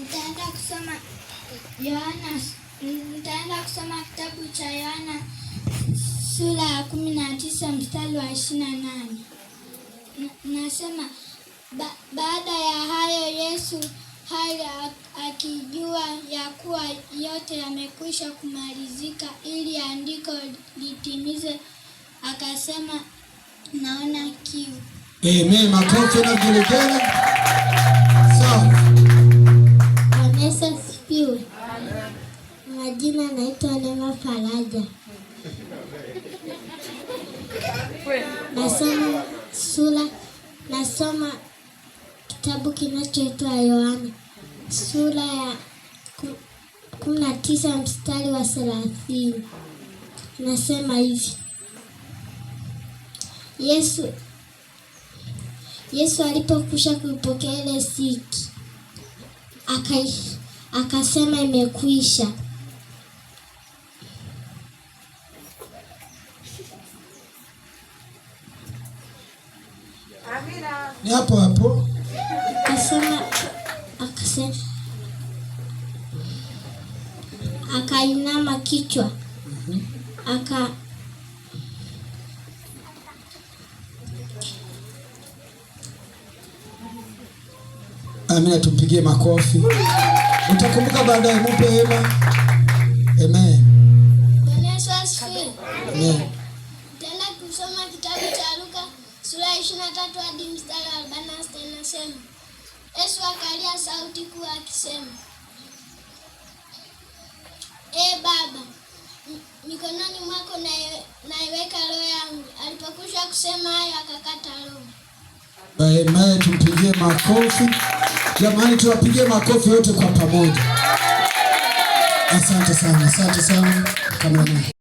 nitaenda kusoma Yohana, nitaenda kusoma kitabu cha Yohana sura ya kumi na tisa mstari wa ishirini na nane. Nasema ba, baada ya hayo Yesu hali akijua ya kuwa yote yamekwisha kumalizika, ili andiko litimize, akasema naona kiu. Amen. Makofi na vigelegele. asifiwe. Majina naitwa Lema Faraja, nasoma sura, nasoma kitabu kinachoitwa Yohana sura ya kumi na tisa mstari wa thelathini nasema hivi: Yesu Yesu alipokwisha kuipokea ile siki akaishi akasema imekwisha. Ni hapo hapo akasema, akasema akainama kichwa mhm. aka Amina, tumpigie makofi. Utakumbuka baadaye, mupe hema. Amen. Amen. Tena kusoma kitabu cha Luka sura ya 23 hadi mstari wa 46 inasema, Yesu akalia sauti kuu akisema, E Baba, mikononi mwako naiweka roho yangu. Alipokwisha kusema hayo, akakata roho. Amen. Tumpigie makofi. Jamani, tuwapigie makofi yote kwa pamoja. Asante sana, asante sana.